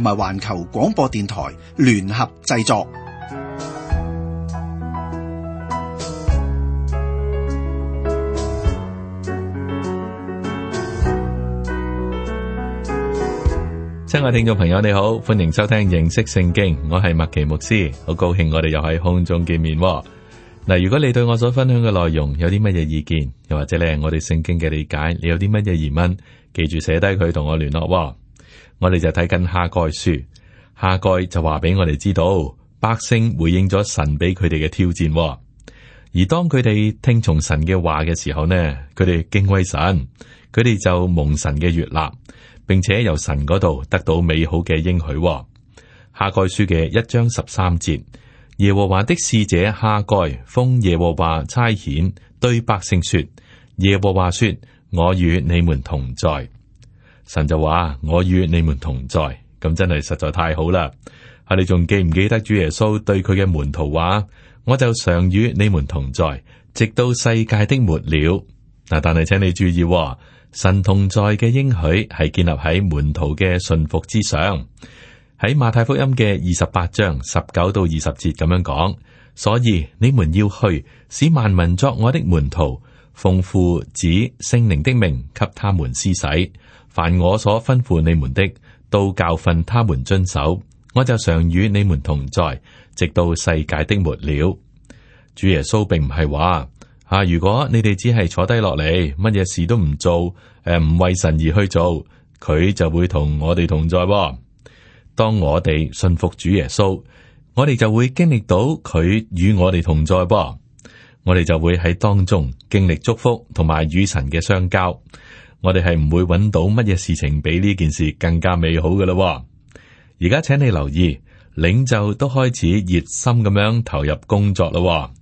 同埋環球廣播電台聯合製作。親愛聽眾朋友，你好，歡迎收聽認識聖經，我係麥奇牧師，好高興我哋又喺空中見面。嗱，如果你對我所分享嘅內容有啲乜嘢意見，又或者你係我哋聖經嘅理解，你有啲乜嘢疑問，記住寫低佢同我聯絡。我哋就睇緊哈該書，哈該就話俾我哋知道百姓回應咗神俾佢哋嘅挑戰，哦，而當佢哋聽從神嘅話嘅時候呢，佢哋敬畏神，佢哋就蒙神嘅悅納，並且由神嗰度得到美好嘅應許，哦。哈該書嘅一章十三節，耶和華的使者哈該奉耶和華差遣，對百姓說：耶和華說，我與你們同在。神就話：我與你們同在，咁真係實在太好啦。你仲記唔記得主耶穌對佢嘅門徒話：我就常與你們同在，直到世界的末了。但係請你注意，神同在嘅應許係建立喺門徒嘅信服之上。喺馬太福音嘅二十八章十九到二十節咁樣講，所以你們要去，使萬民作我的門徒，奉父子聖靈的名，給他們施洗。凡我所吩咐你們的，都教訓他們遵守。我就常與你們同在，直到世界的末了。主耶穌並唔係話，啊，如果你哋只係坐低落嚟，乜嘢事都唔做，誒、呃，唔為神而去做，佢就會同我哋同在噃。當我哋信服主耶穌，我哋就會經歷到佢與我哋同在噃，我哋就會喺當中經歷祝福，同埋與神嘅相交。我哋係唔會搵到乜嘢事情比呢件事更加美好嘅咯。而家請你留意，領袖都開始熱心咁樣投入工作咯。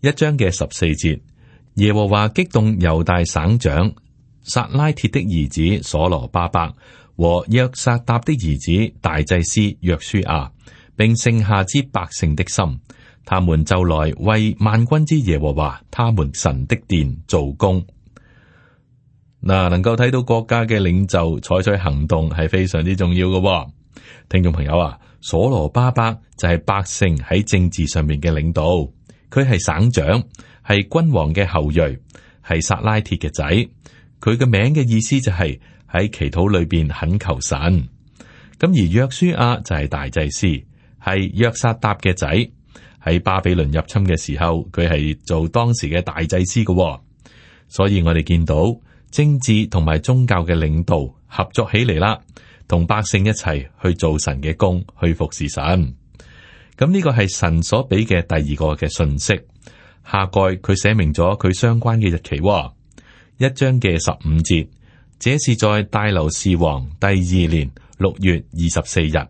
一章嘅十四節，耶和華激動猶大省長撒拉鐵的兒子所羅巴伯和約薩達的兒子大祭司約書亞，並剩下之百姓的心，他們就來為萬軍之耶和華他們神的殿做工。嗱，能夠睇到國家嘅領袖採取行動係非常之重要嘅喎。聽眾朋友啊，所羅巴伯就係百姓喺政治上面嘅領導，佢係省長，係君王嘅後裔，係撒拉鐵嘅仔。佢嘅名嘅意思就係喺祈禱裏邊懇求神。咁而約書亞就係大祭司，係約撒達嘅仔，喺巴比倫入侵嘅時候，佢係做當時嘅大祭司嘅喎。所以我哋見到。政治同埋宗教嘅領導合作起嚟啦，同百姓一齊去做神嘅工，去服侍神。咁呢個係神所俾嘅第二個嘅信息。下蓋佢寫明咗佢相關嘅日期，一章嘅十五節，這是在大流士王第二年六月二十四日。呢、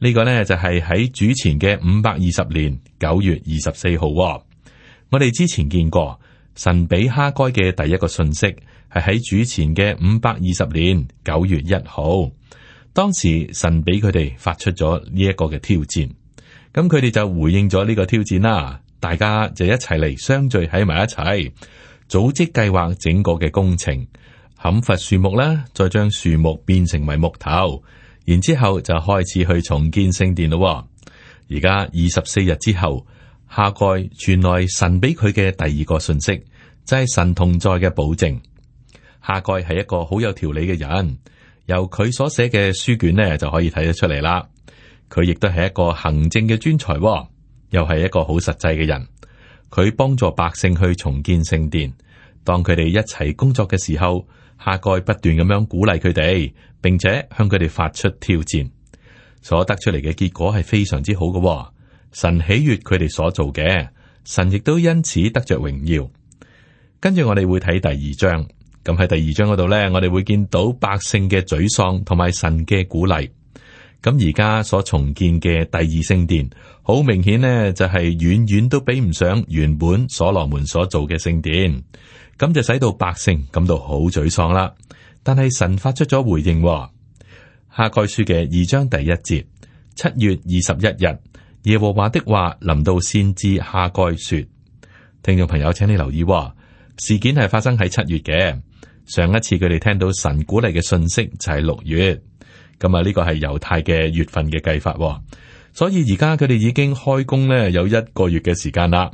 呢個呢就係喺主前嘅五百二十年九月二十四號。我哋之前見過。神俾哈該嘅第一個信息係喺主前嘅五百二十年九月一號，當時神俾佢哋發出咗呢一個嘅挑戰，咁佢哋就回應咗呢個挑戰啦。大家就一齊嚟，相聚喺埋一齊，組織計劃整個嘅工程，砍伐樹木啦，再將樹木變成為木頭，然之後就開始去重建聖殿咯。而家二十四日之後，哈該傳來神俾佢嘅第二個信息。即係神同在嘅保證。哈該係一個好有條理嘅人，由佢所寫嘅書卷呢就可以睇得出嚟啦。佢亦都係一個行政嘅專才、哦，又係一個好實際嘅人。佢幫助百姓去重建聖殿，當佢哋一齊工作嘅時候，哈該不斷咁樣鼓勵佢哋，並且向佢哋發出挑戰。所得出嚟嘅結果係非常之好嘅、哦。神喜悅佢哋所做嘅，神亦都因此得着榮耀。跟住我哋會睇第二章，咁喺第二章嗰度呢，我哋會見到百姓嘅沮喪同埋神嘅鼓勵。咁而家所重建嘅第二聖殿，好明顯呢，就係、是、遠遠都比唔上原本所羅門所做嘅聖殿，咁就使到百姓感到好沮喪啦。但係神發出咗回應、哦，哈該書嘅二章第一節，七月二十一日，耶和華的話臨到先知哈該說：聽眾朋友，請你留意話、哦。事件係發生喺七月嘅，上一次佢哋聽到神鼓勵嘅信息就係六月，咁啊呢個係猶太嘅月份嘅計法喎，所以而家佢哋已經開工呢，有一個月嘅時間啦。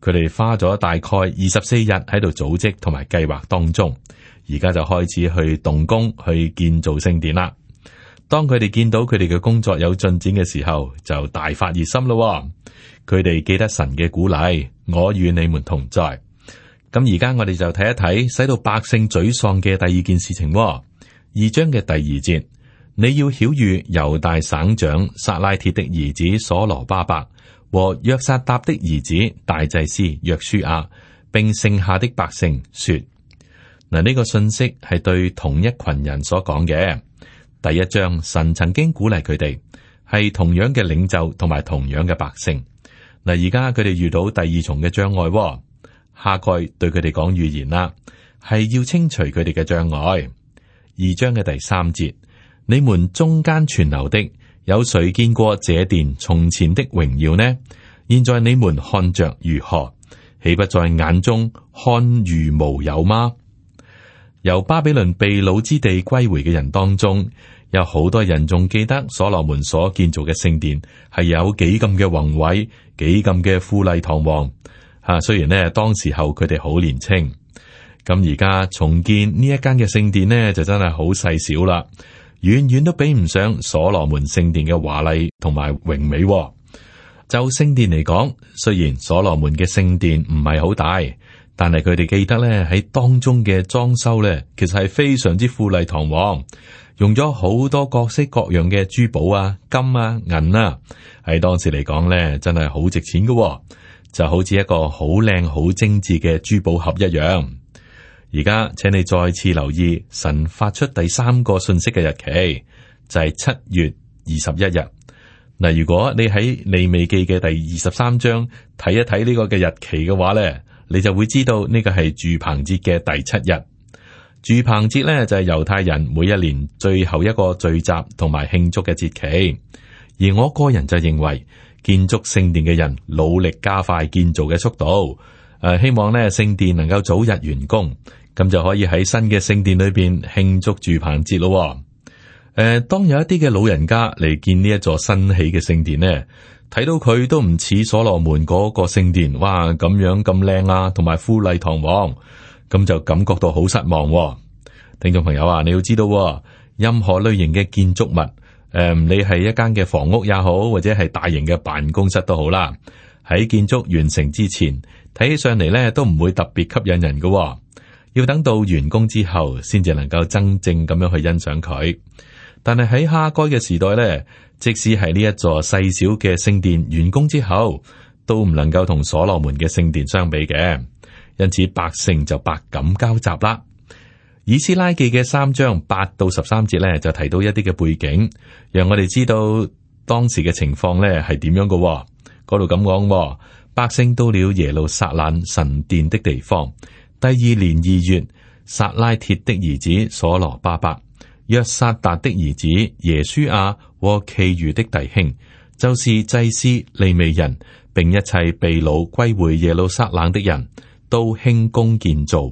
佢哋花咗大概二十四日喺度組織同埋計劃當中，而家就開始去動工去建造聖殿啦。當佢哋見到佢哋嘅工作有進展嘅時候，就大發熱心咯喎。佢哋記得神嘅鼓勵，我與你們同在。咁而家我哋就睇一睇使到百姓沮喪嘅第二件事情喎、哦，二章嘅第二節，你要曉諭猶大省長撒拉鐵的兒子所羅巴伯和約撒達的兒子大祭司約書亞，並剩下的百姓說，嗱，呢個信息係對同一群人所講嘅。第一章神曾經鼓勵佢哋，係同樣嘅領袖同埋同樣嘅百姓。嗱，而家佢哋遇到第二重嘅障礙、哦。哈該對佢哋講預言啦，係要清除佢哋嘅障礙。二章嘅第三節，你們中間存留的，有誰見過這殿從前的榮耀呢？現在你們看着如何，豈不在眼中看如無有嗎？由巴比倫被擄之地歸回嘅人當中，有好多人仲記得所羅門所建造嘅聖殿，係有幾咁嘅宏偉，幾咁嘅富麗堂皇。啊，雖然咧當時候佢哋好年青，咁而家重建呢一間嘅聖殿呢，就真係好細小啦，遠遠都比唔上所羅門聖殿嘅華麗同埋榮美。就聖殿嚟講，雖然所羅門嘅聖殿唔係好大，但係佢哋記得呢，喺當中嘅裝修呢，其實係非常之富麗堂皇，用咗好多各式各樣嘅珠寶啊、金啊、銀啊，喺當時嚟講呢，真係好值錢㗎。就好似一個好靚、好精致嘅珠寶盒一樣。而家請你再次留意神發出第三個信息嘅日期，就係七月二十一日。嗱，如果你喺利未記嘅第二十三章睇一睇呢個嘅日期嘅話呢，你就會知道呢個係住棚節嘅第七日。住棚節呢，就係猶太人每一年最後一個聚集同埋慶祝嘅節期。而我個人就認為。建築聖殿嘅人努力加快建造嘅速度，誒、呃，希望咧聖殿能夠早日完工，咁就可以喺新嘅聖殿裏邊慶祝住棚節咯。誒、呃，當有一啲嘅老人家嚟建呢一座新起嘅聖殿呢，睇到佢都唔似所羅門嗰個聖殿，哇，咁樣咁靚啊，同埋富麗堂皇，咁就感覺到好失望。聽眾朋友啊，你要知道，任何類型嘅建築物，誒、唔理，你係一間嘅房屋也好，或者係大型嘅辦公室都好啦。喺建築完成之前，睇起上嚟咧都唔會特別吸引人嘅。要等到完工之後，先至能夠真正咁樣去欣賞佢。但係喺哈該嘅時代咧，即使係呢一座細小嘅聖殿完工之後，都唔能夠同所羅門嘅聖殿相比嘅。因此百姓就百感交集啦。以斯拉記嘅三章八到十三節咧，就提到一啲嘅背景，讓我哋知道當時嘅情況咧係點樣嘅。嗰度咁講，百姓到了耶路撒冷神殿的地方，第二年二月，撒拉鐵的兒子所羅巴伯，約撒達的兒子耶書亞和其餘的弟兄，就是祭司利未人，並一切被擄歸回耶路撒冷的人都興工建造。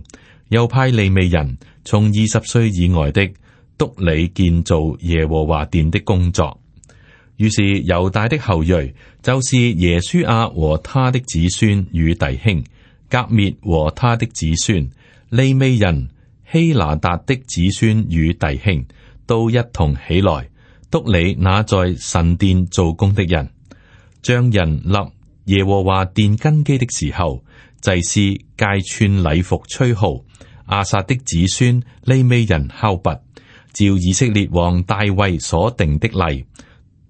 又派利未人從二十歲以外的督理建造耶和華殿的工作。於是猶大的後裔，就是耶書亞和他的子孫與弟兄，革滅和他的子孫，利未人希拿達的子孫與弟兄，都一同起來督理那在神殿做工的人，將人立耶和華殿根基的時候。祭司皆穿禮服吹號，亞薩的子孫利未人敲鈸，照以色列王大衛所定的例，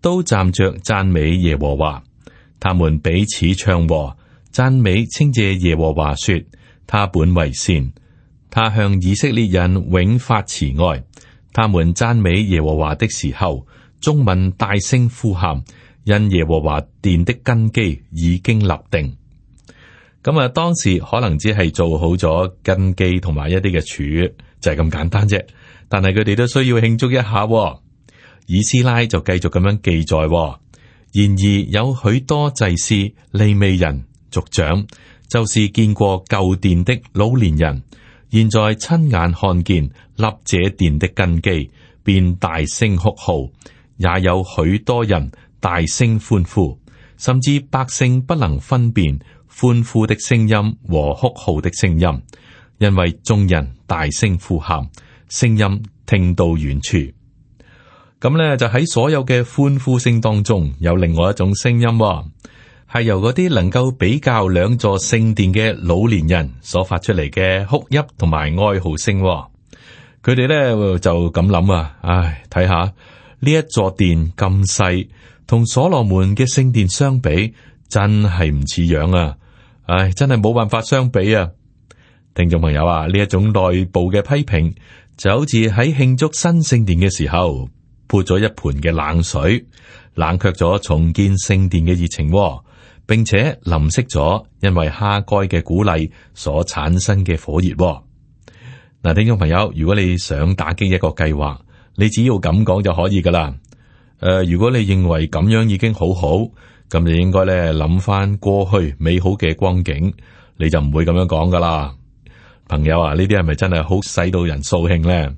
都站着讚美耶和華。他們彼此唱和，讚美稱謝耶和華，說：他本為善，他向以色列人永發慈愛。他們讚美耶和華的時候，眾民大聲呼喊，因耶和華殿的根基已經立定。咁啊！當時可能只係做好咗根基，同埋一啲嘅柱，就係、是、咁簡單啫。但係佢哋都需要慶祝一下、哦。以斯拉就繼續咁樣記載、哦。然而，有許多祭司、利未人、族長，就是見過舊殿的老年人，現在親眼看見立這殿的根基，便大聲哭號，也有許多人大聲歡呼，甚至百姓不能分辨。歡呼的聲音和哭號的聲音，因為眾人大聲呼喊，聲音聽到遠處。咁呢，就喺所有嘅歡呼聲當中，有另外一種聲音喎，係由嗰啲能夠比較兩座聖殿嘅老年人所發出嚟嘅哭泣同埋哀嚎聲喎。佢哋呢，就咁諗啊，唉，睇下呢一座殿咁細，同所羅門嘅聖殿相比，真係唔似樣啊！唉，真係冇辦法相比啊！聽眾朋友啊，呢一種內部嘅批評，就好似喺慶祝新聖殿嘅時候潑咗一盆嘅冷水，冷卻咗重建聖殿嘅熱情，啊，並且淋熄咗因為哈該嘅鼓勵所產生嘅火熱。嗱，聽眾朋友，如果你想打擊一個計劃，你只要咁講就可以噶啦。誒、呃，如果你認為咁樣已經好好。咁你應該咧諗翻過去美好嘅光景，你就唔會咁樣講噶啦。朋友啊，呢啲係咪真係好使到人掃興咧？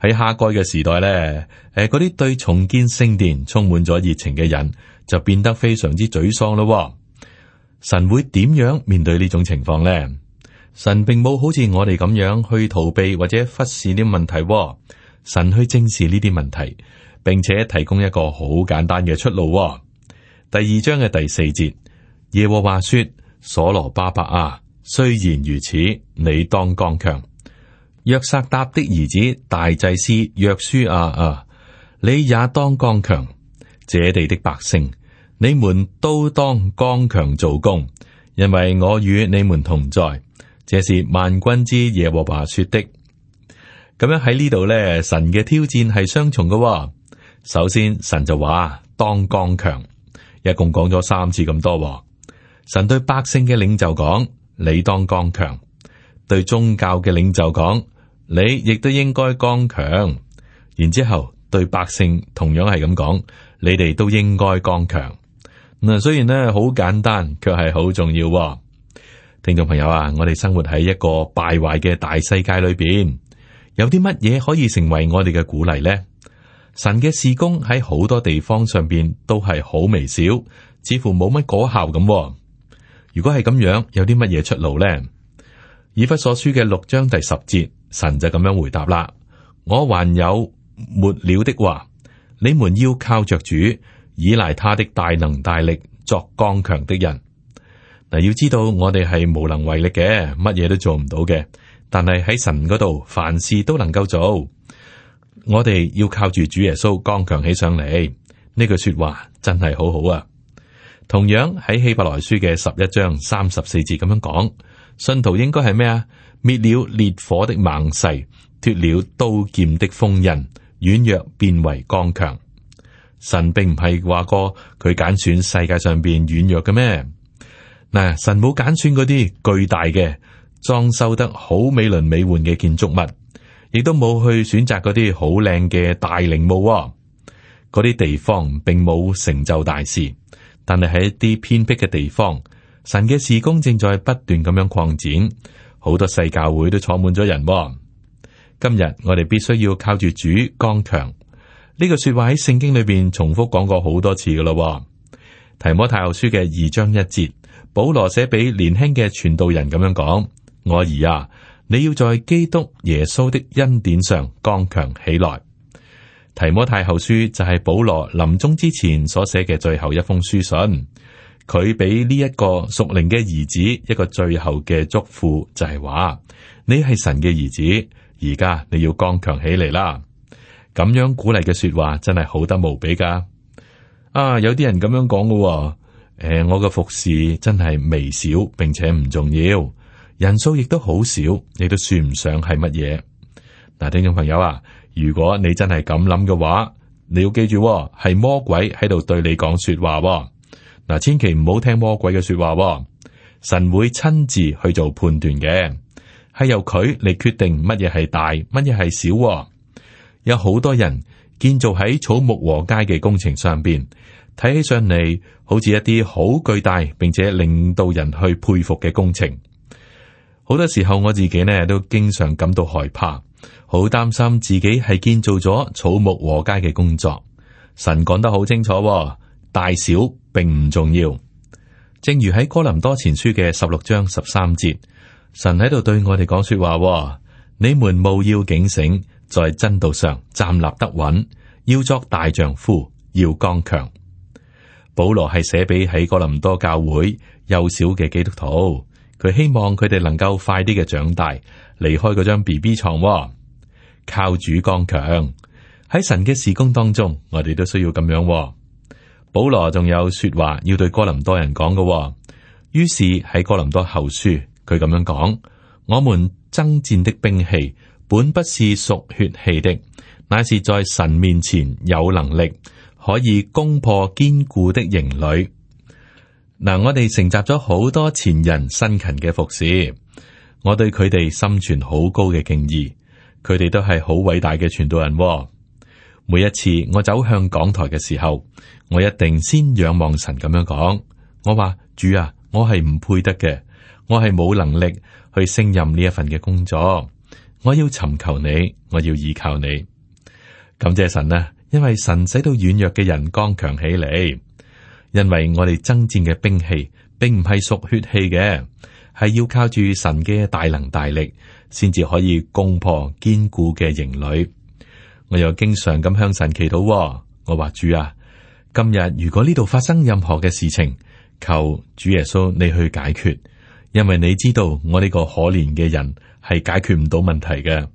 喺哈該嘅時代咧，誒，嗰啲對重建聖殿充滿咗熱情嘅人就變得非常之沮喪咯。神會點樣面對呢種情況咧？神並冇好似我哋咁樣去逃避或者忽視啲問題，神去正視呢啲問題，並且提供一個好簡單嘅出路。第二章嘅第四節，耶和華說：所羅巴伯啊，雖然如此，你當剛強；約撒達的兒子大祭司約書亞啊，啊，你也當剛強。這地的百姓，你們都當剛強做工，因為我與你們同在。這是萬軍之耶和華說的。咁樣喺呢度咧，神嘅挑戰係雙重嘅。首先，神就話當剛強。一共講咗三次咁多，神對百姓嘅領袖講，你當剛強；對宗教嘅領袖講，你亦都應該剛強。然之後對百姓同樣係咁講，你哋都應該剛強。咁雖然呢，好簡單，卻係好重要。聽眾朋友啊，我哋生活喺一個敗壞嘅大世界裏邊，有啲乜嘢可以成為我哋嘅鼓勵呢？神嘅事工喺好多地方上邊都係好微小，似乎冇乜果效咁。如果係咁樣，有啲乜嘢出路咧？以弗所書嘅六章第十節，神就咁樣回答啦： 我還有沒了的話，你們要靠着主，依賴他的大能大力，作剛強的人。嗱，要知道我哋係無能為力嘅，乜嘢都做唔到嘅。但係喺神嗰度，凡事都能夠做。我哋要靠住主耶穌剛強起上嚟，呢句說話真係好好啊！同樣喺希伯來書嘅十一章三十四節咁樣講，信徒應該係咩啊？滅了烈火的猛勢，脱了刀劍的鋒刃，軟弱變為剛強。神並唔係話過佢揀選世界上邊軟弱嘅咩？嗱，神冇揀選嗰啲巨大嘅裝修得好美輪美奐嘅建築物。亦都冇去選擇嗰啲好靚嘅大陵墓。哦，嗰啲地方並冇成就大事。但係喺一啲偏僻嘅地方，神嘅事工正在不斷咁樣擴展。好多細教會都坐滿咗人。哦。今日我哋必須要靠住主剛強。呢個說話喺聖經裏邊重複講過好多次噶啦、哦。提摩太後書嘅二章一節，保羅寫俾年輕嘅傳道人咁樣講：我兒啊！你要在基督耶穌的恩典上剛強起來。提摩太後書就係保羅臨終之前所寫嘅最後一封書信，佢俾呢一個屬靈嘅兒子一個最後嘅囑咐，就係話：你係神嘅兒子，而家你要剛強起嚟啦。咁樣鼓勵嘅說話真係好得無比噶。啊，有啲人咁樣講嘅，誒、呃，我嘅服侍真係微小，並且唔重要。人數亦都好少，你都算唔上係乜嘢。嗱，聽眾朋友啊，如果你真係咁諗嘅話，你要記住係、喎、魔鬼喺度對你講說話、喎。嗱，千祈唔好聽魔鬼嘅說話、喎。神會親自去做判斷嘅，係由佢嚟決定乜嘢係大，乜嘢係小、喎。有好多人建造喺草木和街嘅工程上邊，睇起上嚟好似一啲好巨大，並且令到人去佩服嘅工程。好多時候我自己呢都經常感到害怕，好擔心自己係建造咗草木禾稭嘅工作。神講得好清楚喎，大小並唔重要。正如喺哥林多前書嘅十六章十三節，神喺度對我哋講說話喎：「你們務要警醒，在真道上站立得穩，要作大丈夫，要剛強。」保羅係寫俾喺哥林多教會幼小嘅基督徒。佢希望佢哋能夠快啲嘅長大，離開嗰張 BB 床、哦。靠主剛強，喺神嘅事工當中，我哋都需要咁樣、哦。保羅仲有說話要對哥林多人講嘅、哦。於是喺哥林多後書，佢咁樣講：我們爭戰的兵器，本不是屬血氣的，乃是在神面前有能力，可以攻破堅固的營壘。嗱，我哋承襲咗好多前人辛勤嘅服侍，我對佢哋心存好高嘅敬意。佢哋都係好偉大嘅傳道人、哦。每一次我走向講臺嘅時候，我一定先仰望神咁樣講。我話主啊，我係唔配得嘅，我係冇能力去勝任呢一份嘅工作。我要尋求你，我要依靠你。感謝神啊，因為神使到軟弱嘅人剛強起嚟。因為我哋爭戰嘅兵器並唔係屬血氣嘅，係要靠住神嘅大能大力，先至可以攻破堅固嘅營壘。我又經常咁向神祈禱，我話主啊，今日如果呢度發生任何嘅事情，求主耶穌你去解決，因為你知道我呢個可憐嘅人係解決唔到問題嘅。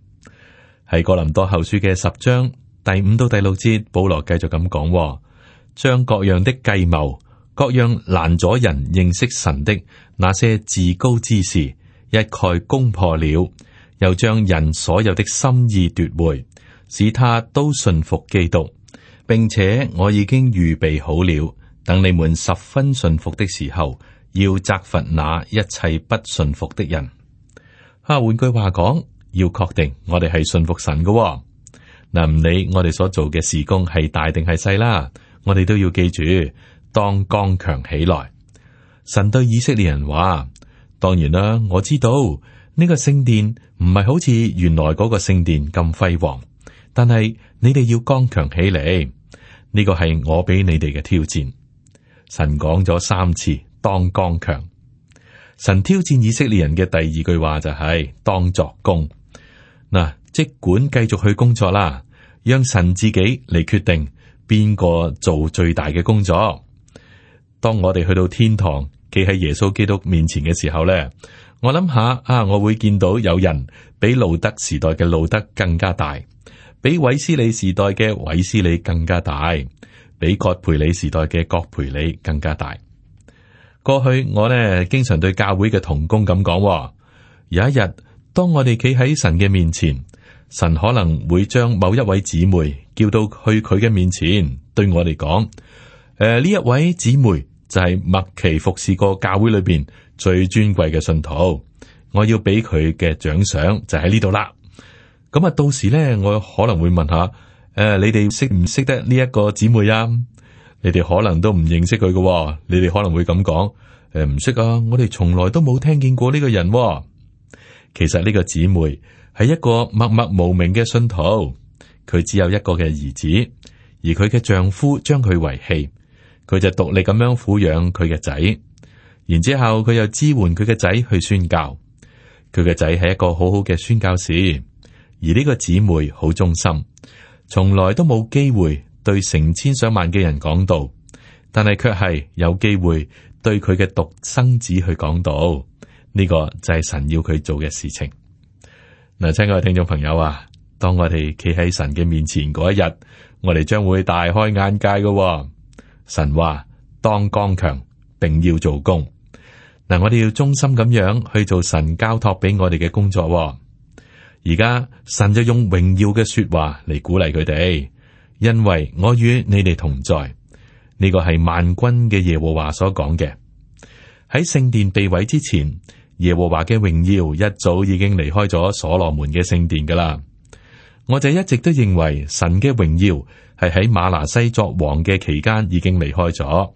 喺哥林多後書嘅十章第五到第六節，保羅繼續咁講。將各樣的計謀、各樣攔阻人認識神的那些至高之事，一概攻破了，又將人所有的心意奪回，使他都信服基督，並且我已經預備好了，等你們十分信服的時候，要責罰那一切不信服的人。哈、啊，換句話講，要確定我哋係信服神嘅，哦。嗱、啊，唔理我哋所做嘅事工係大定係細啦。我哋都要記住，當剛強起來，神對以色列人話：，當然啦，我知道呢個聖殿唔係好似原來嗰個聖殿咁輝煌，但係你哋要剛強起嚟，呢個係我俾你哋嘅挑戰。神講咗三次，當剛強。神挑戰以色列人嘅第二句話就係：，當作工。嗱，即管繼續去工作啦，讓神自己嚟決定。邊個做最大嘅工作？當我哋去到天堂，企喺耶穌基督面前嘅時候呢，我諗下啊，我會見到有人比路德時代嘅路德更加大，比韋斯里時代嘅韋斯里更加大，比葛培理時代嘅葛培理更加大。過去我呢，經常對教會嘅同工咁講，有一日當我哋企喺神嘅面前。神可能會將某一位姊妹叫到去佢嘅面前，對我嚟講，誒、呃、呢一位姊妹就係麥奇服侍過教會裏邊最尊貴嘅信徒，我要俾佢嘅獎賞就喺呢度啦。咁啊，到時咧，我可能會問下，誒、呃、你哋識唔識得呢一個姊妹啊？你哋可能都唔認識佢嘅、哦，你哋可能會咁講，誒、呃、唔識啊，我哋從來都冇聽見過呢個人、哦。其實呢個姊妹。係一個默默無名嘅信徒，佢只有一個嘅兒子，而佢嘅丈夫將佢遺棄，佢就獨力咁樣撫養佢嘅仔。然之後佢又支援佢嘅仔去宣教，佢嘅仔係一個好好嘅宣教士。而呢個姊妹好忠心，從來都冇機會對成千上萬嘅人講道，但係卻係有機會對佢嘅獨生子去講道。呢個就係神要佢做嘅事情。嗱，親愛的聽眾朋友啊，當我哋企喺神嘅面前嗰一日，我哋將會大開眼界嘅、哦。神話當剛強，定要做工。嗱，我哋要忠心咁樣去做神交托俾我哋嘅工作、哦。而家神就用榮耀嘅說話嚟鼓勵佢哋，因為我與你哋同在。呢個係萬軍嘅耶和華所講嘅。喺聖殿被毀之前。耶和華嘅榮耀一早已經離開咗所羅門嘅聖殿噶啦，我就一直都認為神嘅榮耀係喺馬拿西作王嘅期間已經離開咗。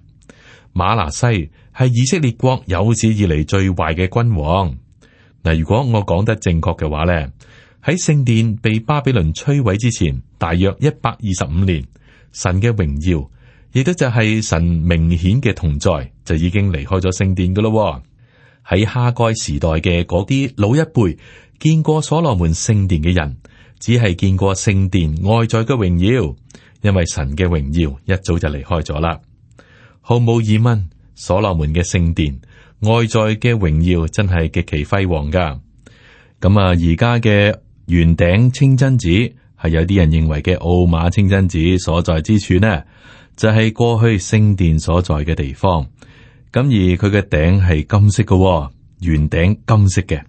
馬拿西係以色列國有史以嚟最壞嘅君王。嗱，如果我講得正確嘅話咧，喺聖殿被巴比倫摧毀之前大約一百二十五年，神嘅榮耀亦都就係神明顯嘅同在就已經離開咗聖殿噶咯。喺哈該時代嘅嗰啲老一輩，見過所羅門聖殿嘅人，只係見過聖殿外在嘅榮耀，因為神嘅榮耀一早就離開咗啦。毫無疑問，所羅門嘅聖殿外在嘅榮耀真係極其輝煌噶。咁啊，而家嘅圓頂清真寺係有啲人認為嘅奧馬清真寺所在之處呢，就係過去聖殿所在嘅地方。咁而佢嘅頂係金色嘅。哦，圓頂金色嘅。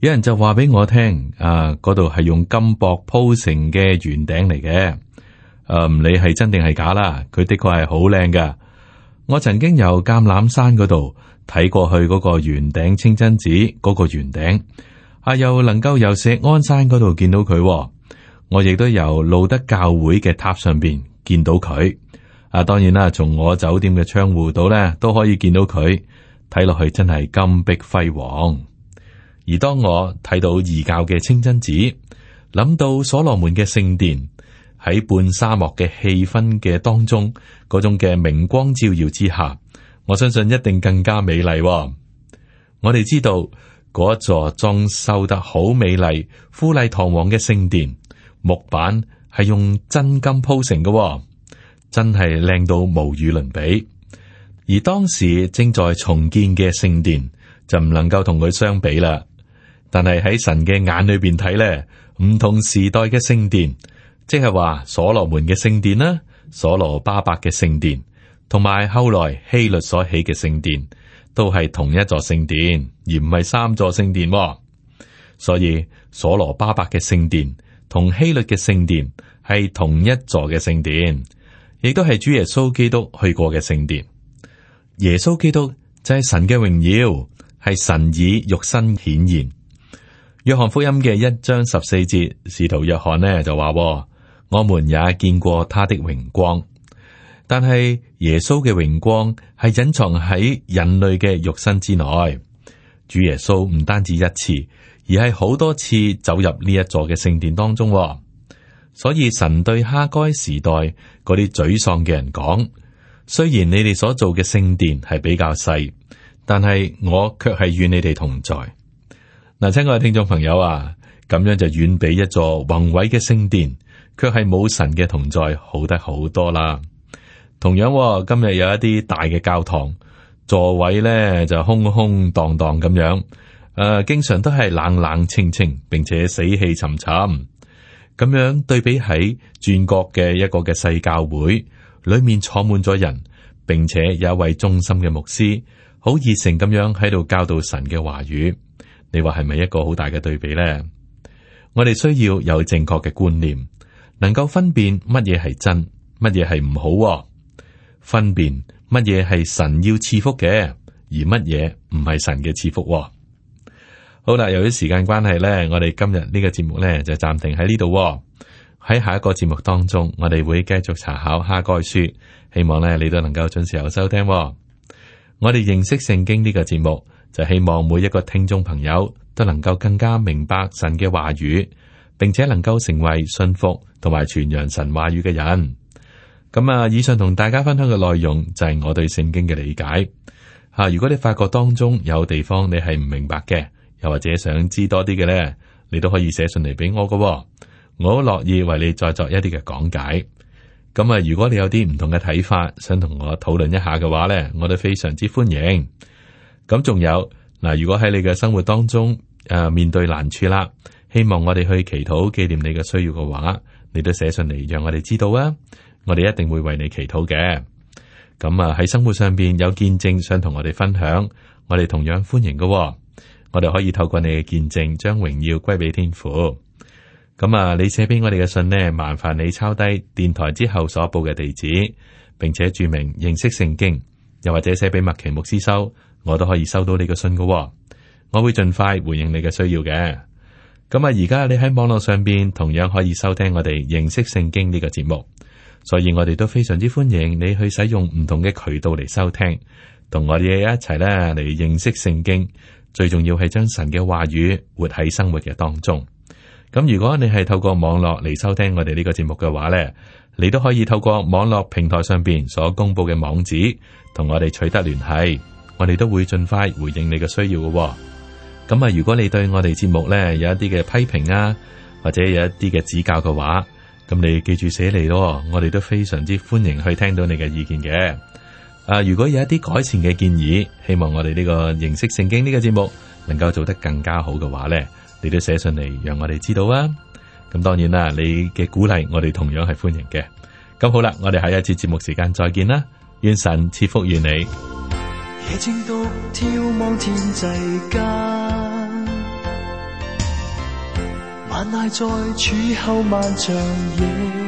有人就話俾我聽，啊，嗰度係用金箔鋪成嘅圓頂嚟嘅。誒、啊，唔理係真定係假啦，佢的確係好靚嘅。我曾經由橄欖山嗰度睇過去嗰個圓頂清真寺嗰個圓頂，啊，又能夠由錫安山嗰度見到佢，哦。我亦都由路德教會嘅塔上邊見到佢。啊，當然啦，從我酒店嘅窗戶度咧，都可以見到佢，睇落去真係金碧輝煌。而當我睇到異教嘅清真寺，諗到所羅門嘅聖殿，喺半沙漠嘅氣氛嘅當中，嗰種嘅明光照耀之下，我相信一定更加美麗喎。我哋知道嗰一座裝修得好美麗、富麗堂皇嘅聖殿，木板係用真金鋪成嘅喎。真係靚到無與倫比，而當時正在重建嘅聖殿就唔能夠同佢相比啦。但係喺神嘅眼裏邊睇呢，唔同時代嘅聖殿，即係話所羅門嘅聖殿啦，所羅巴伯嘅聖殿，同埋後來希律所起嘅聖殿，都係同一座聖殿，而唔係三座聖殿。所以所羅巴伯嘅聖殿同希律嘅聖殿係同一座嘅聖殿。亦都係主耶穌基督去過嘅聖殿，耶穌基督就係神嘅榮耀，係神以肉身顯現。約翰福音嘅一章十四節，使徒約翰呢就話：我們也見過他的榮光，但係耶穌嘅榮光係隱藏喺人類嘅肉身之內。主耶穌唔單止一次，而係好多次走入呢一座嘅聖殿當中。所以神對哈該時代嗰啲沮喪嘅人講：雖然你哋所做嘅聖殿係比較細，但係我卻係與你哋同在。嗱，請各位聽眾朋友啊，咁樣就遠比一座宏偉嘅聖殿，卻係冇神嘅同在，好得好多啦。同樣，哦，今日有一啲大嘅教堂座位呢，就空空蕩蕩咁樣，誒、呃，經常都係冷冷清清，並且死氣沉沉。咁樣對比喺轉角嘅一個嘅細教會裏面坐滿咗人，並且有一位忠心嘅牧師，好熱誠咁樣喺度教導神嘅話語。你話係咪一個好大嘅對比呢？我哋需要有正確嘅觀念，能夠分辨乜嘢係真，乜嘢係唔好、啊，分辨乜嘢係神要賜福嘅，而乜嘢唔係神嘅賜福、啊。好啦，由於時間關係呢，我哋今日呢個節目呢，就暫停喺呢度。喺下一個節目當中，我哋會繼續查考下哈該書。希望呢，你都能夠準時有收聽、哦。我哋認識聖經呢個節目就希望每一個聽眾朋友都能夠更加明白神嘅話語，並且能夠成為信服同埋傳揚神話語嘅人。咁啊，以上同大家分享嘅內容就係我對聖經嘅理解吓、啊。如果你發覺當中有地方你係唔明白嘅。又或者想知多啲嘅咧，你都可以寫信嚟俾我噶，我都樂意為你再作一啲嘅講解。咁啊，如果你有啲唔同嘅睇法，想同我討論一下嘅話咧，我都非常之歡迎。咁仲有嗱，如果喺你嘅生活當中誒、呃、面對難處啦，希望我哋去祈禱紀念你嘅需要嘅話，你都寫信嚟讓我哋知道啊，我哋一定會為你祈禱嘅。咁啊，喺生活上邊有見證想同我哋分享，我哋同樣歡迎噶。我哋可以透過你嘅見證，將榮耀歸俾天父。咁啊，你寫俾我哋嘅信呢，麻煩你抄低電台之後所報嘅地址，並且注明認識聖經，又或者寫俾麥奇牧師收,我都可以收到你嘅信㗎喎。我會盡快回應你嘅需要嘅。咁啊，而家你喺網絡上邊同樣可以收聽我哋認識聖經呢個節目，所以我哋都非常之歡迎你去使用唔同嘅渠道嚟收聽，同我哋一齊咧嚟認識聖經。最重要係將神嘅話語活喺生活嘅當中。咁如果你係透過網絡嚟收聽我哋呢個節目嘅話呢，你都可以透過網絡平台上邊所公布嘅網址，同我哋取得聯繫，我哋都會盡快回應你嘅需要嘅。咁啊，如果你對我哋節目呢有一啲嘅批評啊，或者有一啲嘅指教嘅話，咁你記住寫嚟咯，我哋都非常之歡迎去聽到你嘅意見嘅。啊！如果有一啲改善嘅建議，希望我哋呢個認識聖經呢個節目能夠做得更加好嘅話呢，你都寫上嚟讓我哋知道啊！咁當然啦，你嘅鼓勵我哋同樣係歡迎嘅。咁好啦，我哋下一次節目時間再見啦，願神賜福於你。夜夜。正眺望天際間，晚喺在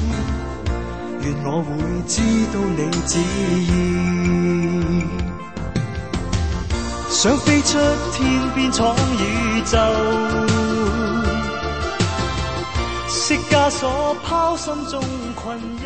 願我會知道你旨意，想飛出天邊闖宇宙，釋枷鎖，拋心中困。